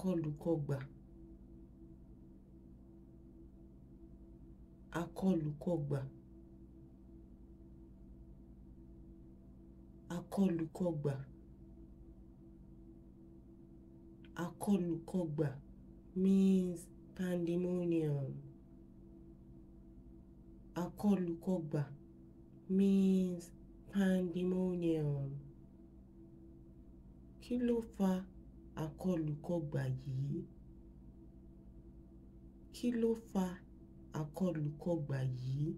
akọlùkọgbà akọlùkọgbà akọlùkọgbà akọlùkọgbà means pandemonium akọlùkọgbà means pandemonium kí ló fà á àkọlùkọgbà yìí? Kí ló fa àkọlùkọgbà yìí?